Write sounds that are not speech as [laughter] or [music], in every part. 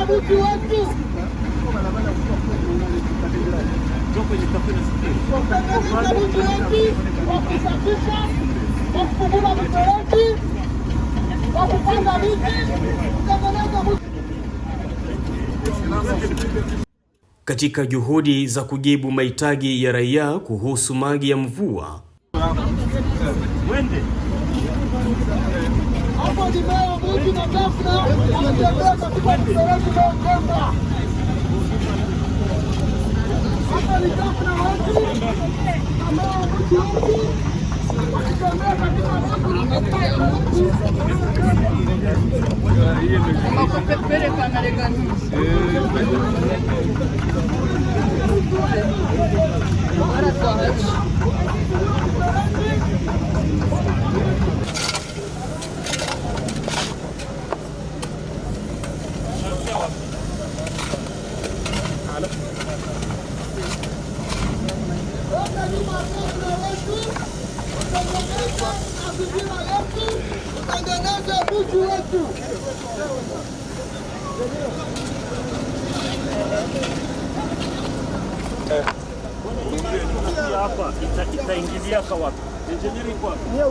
wetu wetu mifereji, miti, kutengeneza katika juhudi za kujibu mahitaji ya raia kuhusu maji ya mvua, não, wengine ghafla wanatembea katika mfereji unaokwenda hapa. Ni ghafla watu ambao ukiuki wakitembea katika makopepeleka Marekani mara kwa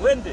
Wende. Wende.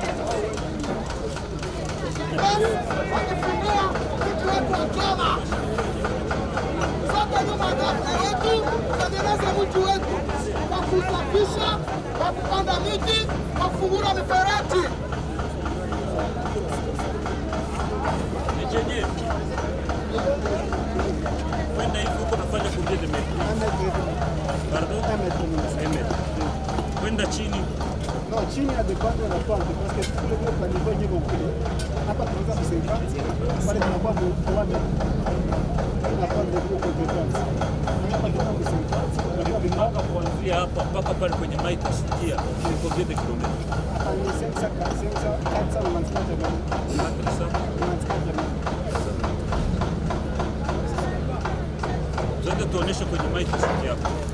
serikali wakifungia msikiti wetu wa Choma. Sote nyuma ya dafta yetu tutengeneze mji wetu kwa kusafisha, kwa kupanda miti, kwa kufungura mifereji. Kwenda chini chini ya vipande na pande parce que kule kwa nivyo nyingi kule hapa tunaweza kusaidia pale kuna kwa kuwani na pande kwa kwa hapa tunaweza kusaidia kwa vipande kuanzia hapa mpaka pale kwenye maika sikia kwa vile kilomita hapa ni sensa sensa kansa na mantikaja gani mantikaja mantikaja zote tuonesha kwenye maika sikia hapa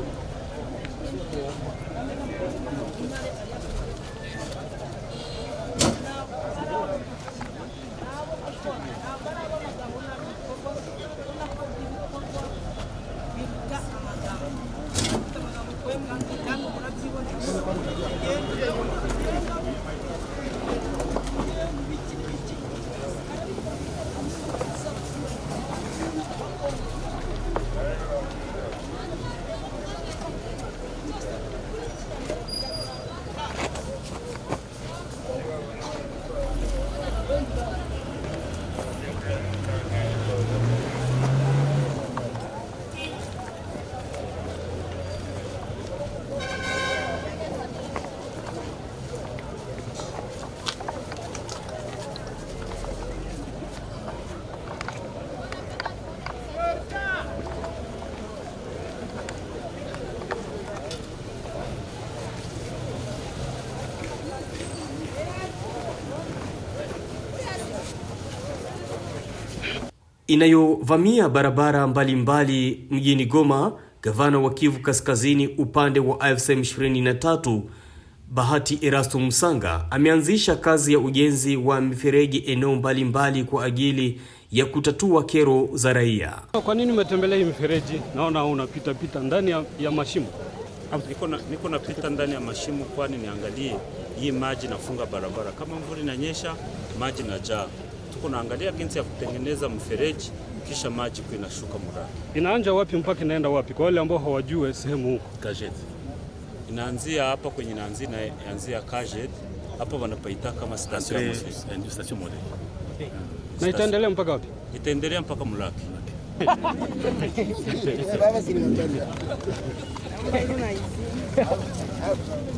Thank you. inayovamia barabara mbalimbali mbali mjini Goma. Gavana wa Kivu Kaskazini upande wa AFC M23 Bahati Erasto Musanga ameanzisha kazi ya ujenzi wa mifereji eneo mbalimbali kwa ajili ya kutatua kero za raia. Kwa nini umetembelea hii mifereji? Naona unapita pita ndani ya, ya mashimo. Niko na niko pita ndani ya mashimo, kwani niangalie hii maji nafunga barabara, kama mvua inanyesha maji najaa tuko naangalia jinsi ya kutengeneza mfereji kisha maji kuinashuka inashuka Murang'a. Inaanza wapi mpaka inaenda wapi? Kwa wale ambao hawajue sehemu huko. Kajet. Inaanzia hapa kwenye na inaanzia Kajet. Hapa wanapaita kama station ya eh, station moja. Ah. Na itaendelea mpaka wapi? Itaendelea mpaka Mulaki. [laughs] Baba, si [laughs]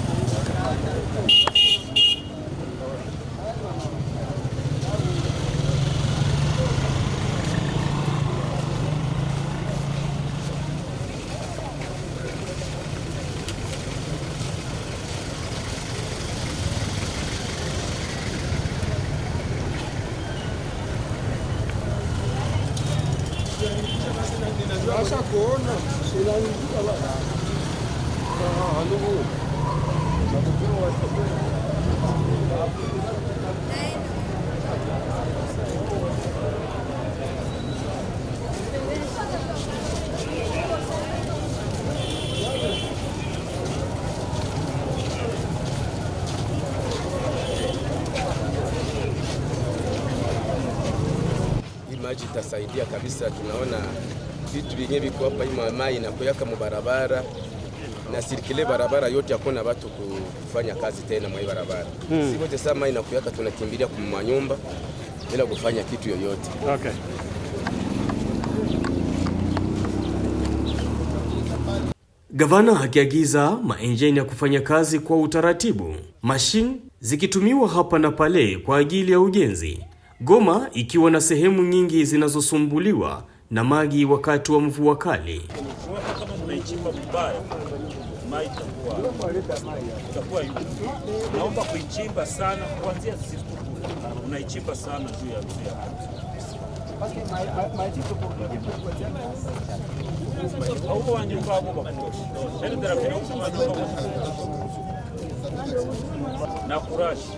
Maji itasaidia kabisa, tunaona vitu vyenye viko hapa, hii mama inakoyaka mubarabara na sirikile barabara yote, hakuna watu kufanya kazi tena mwa hii barabara hmm. Sikote saa mai inakoyaka, tunakimbilia kumanyumba bila kufanya kitu yoyote okay. Gavana akiagiza maenjini ya kufanya kazi kwa utaratibu, mashine zikitumiwa hapa na pale kwa ajili ya ujenzi, Goma ikiwa na sehemu nyingi zinazosumbuliwa na magi wakati wa mvua kali. Naomba kuichimba sana kuanzia siku unaichimba sana juu ya yaani na kurashi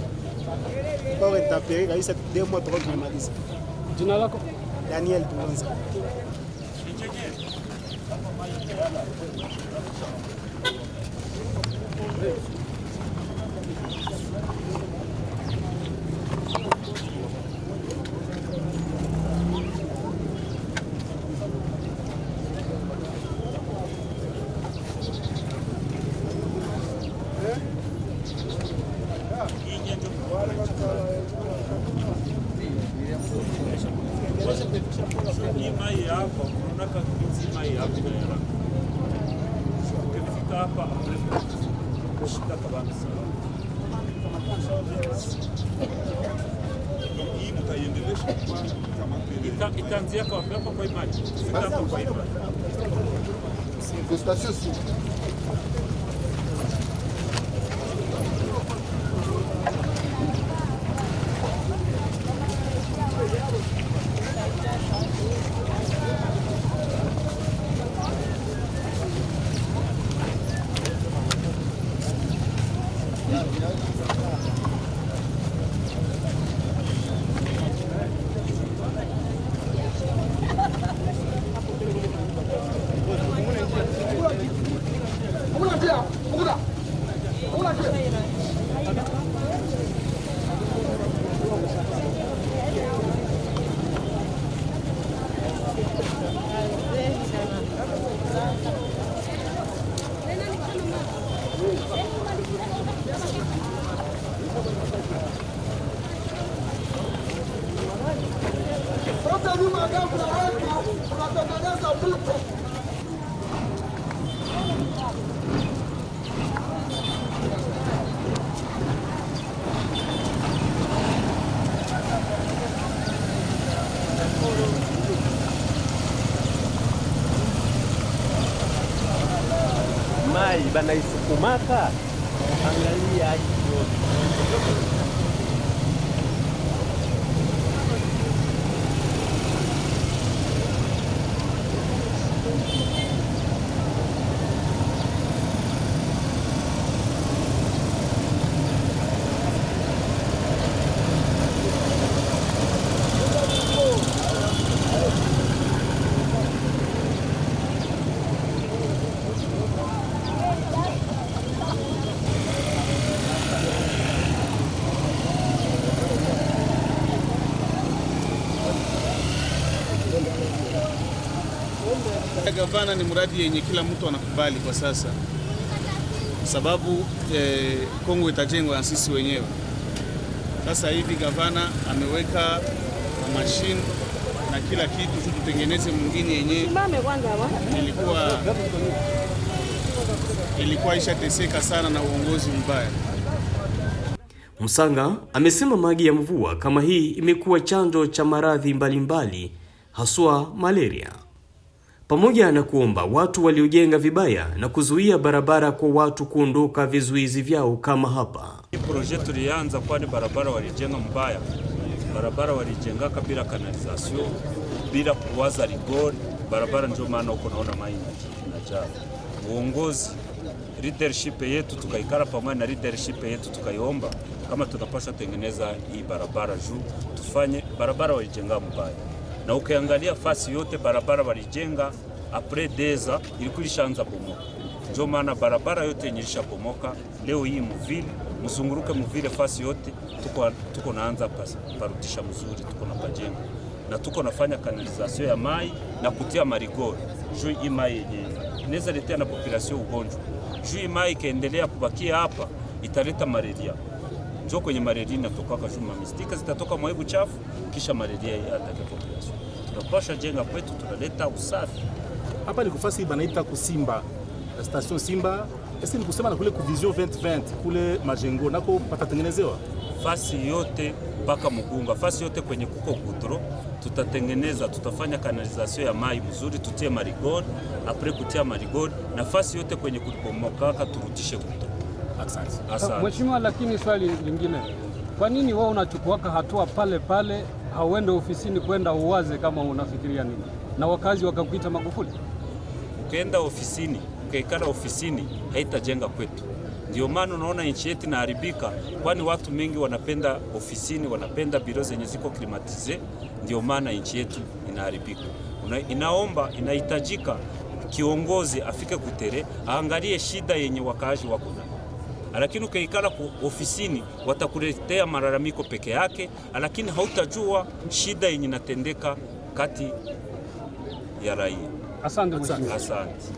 Or intapere kabisa, demo tuko tunamaliza. Jina lako? Daniel Tuanza. custo acessível. banaisukumaka gavana ni mradi yenye kila mtu anakubali kwa sasa, sababu eh, Kongo itajengwa na sisi wenyewe. Sasa hivi gavana ameweka mashine na kila kitu tu, tutengeneze mwingine yenyewe. Ilikuwa ilikuwa ishateseka sana na uongozi mbaya. Msanga amesema maji ya mvua kama hii imekuwa chanzo cha maradhi mbalimbali haswa malaria. Pamoja na kuomba watu waliojenga vibaya na kuzuia barabara kwa watu kuondoka vizuizi vyao, kama hapa. Hii proje tulianza kwani barabara walijenga mbaya, barabara walijengaka bila kanalizasyon, bila kuwaza rigori barabara, ndio maana uko naona maji inajaa. Uongozi leadership yetu tukaikara pamoja na leadership yetu tukaiomba kama tunapaswa tengeneza hii barabara juu tufanye barabara walijenga mbaya na ukiangalia fasi yote barabara walijenga apre deza ilikuwa ilishaanza bomoka, ndio maana barabara yote yenye ilishabomoka leo hii muvile muzunguruke muvile fasi yote tuko, tuko naanza parudisha mzuri, tuko na pajenga na tuko nafanya kanalizasio ya mai na kutia marigori juu hii mai yenye inaweza letea na population ugonjwa juu hii mai ikaendelea kubakia hapa italeta malaria njo kwenye malaria inatokaka juu mamistika zitatoka mwaibu chafu kisha malaria atake population tunaposha jenga kwetu, tunaleta usafi hapa. Ni kufasi banaita kusimba station Simba, esi ni kusema na kule kuvision 2020 kule majengo nako patatengenezewa fasi yote mpaka Mugunga, fasi yote kwenye kuko gudro tutatengeneza, tutafanya kanalizasio ya mai mzuri, tutie marigold apre kutia marigold, na fasi yote kwenye kulipomokaka turutishe gudro. mheshimiwa. Lakini swali lingine, kwa nini wao unachukuaka hatua pale pale hauende ofisini kwenda uwaze kama unafikiria nini, na wakazi wakakuita Magufuli. Ukienda ofisini ukaikala ofisini haitajenga kwetu. Ndio maana unaona nchi yetu inaharibika, kwani watu mengi wanapenda ofisini, wanapenda biro zenye ziko klimatize. Ndio maana nchi yetu inaharibika. Una, inaomba inahitajika kiongozi afike kutere aangalie shida yenye wakaaji wako nayo lakini ukaikala ofisini watakuletea malalamiko peke yake, lakini hautajua shida yenye inatendeka kati ya raia. Asante Asante.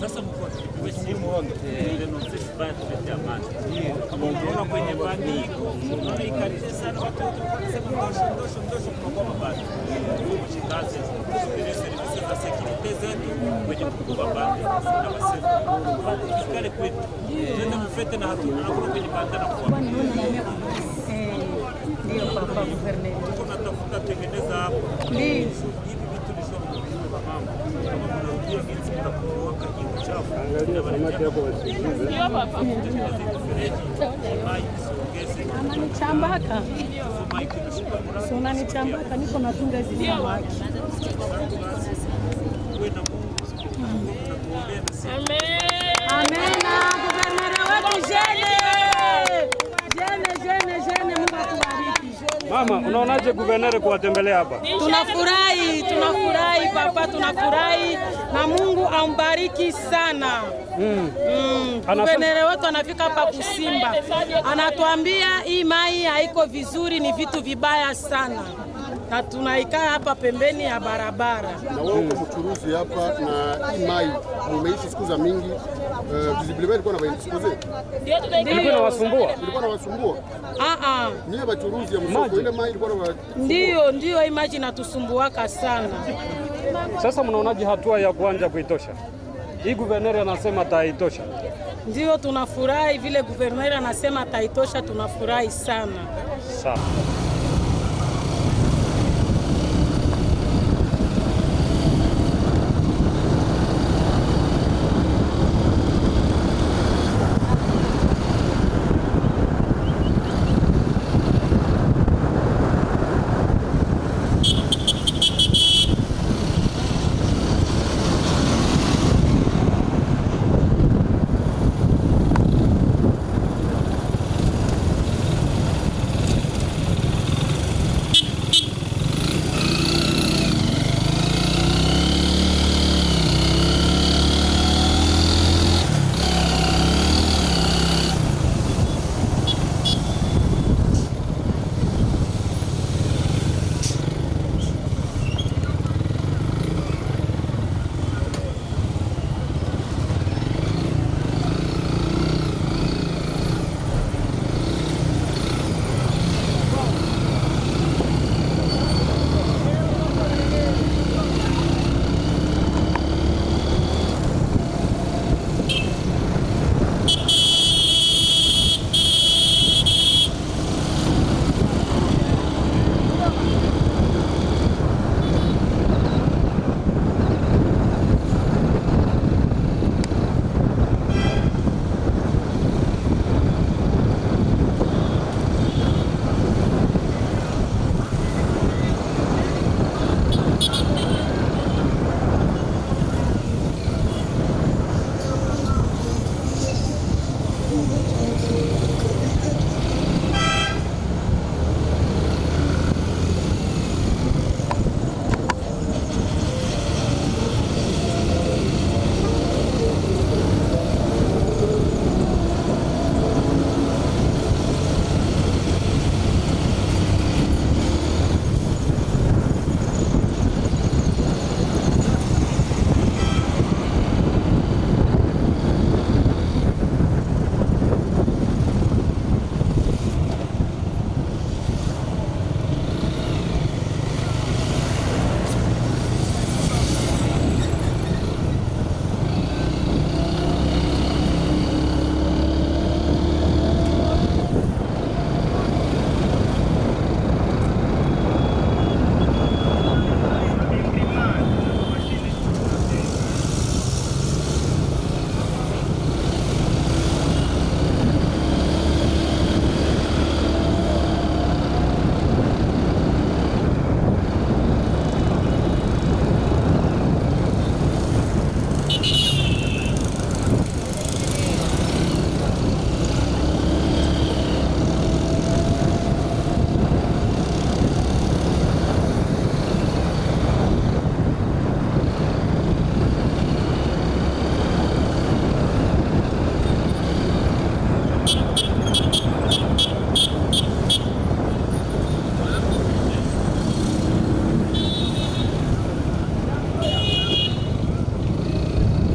Sasa mko tupigwe simu tumetea maji. Unaona kwenye bandiko, unaona ikalize sana watoto wanasema ndosho ndosho ndosho kwa mabati. Shikaze zile services za security zetu kwenye kwa bandi na wasema ikale kwetu. Nenda mfete na hatuna hapo kwenye bandana kwa. Ndio papa governor. Tunatafuta tengeneza hapo. Ndio. teknolojia jinsi na barabara yako wasikize unanichambaka, niko natunga hizi Amen. Mama, unaonaje guvenere kuwatembelea hapa? Tunafurahi, tunafurahi papa, tunafurahi na Mungu ambariki sana. Mm. Mm. wetu anafika hapa Kusimba, anatuambia hii mai haiko vizuri, ni vitu vibaya sana na tunaikaa hapa pembeni ya barabara. Na wewe uko mchuruzi hapa na imai mumeishi siku za mingi uh, visibility ilikuwa na siku baindispose ilikuwa na wasumbua ilikuwa na wasumbua ah ah, nie bachuruzi ya msoko ile mai ilikuwa na ndio ndio imaji natusumbuaka sana. Sasa mnaonaje hatua ya kuanja kuitosha hii? Guverneri anasema taitosha, ndio tunafurahi vile guverneri anasema taitosha, tunafurahi sana. Sawa.